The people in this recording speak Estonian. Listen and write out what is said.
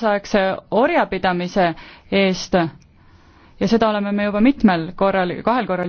kaasaegse orjapidamise eest ja seda oleme me juba mitmel korral, kahel korral juba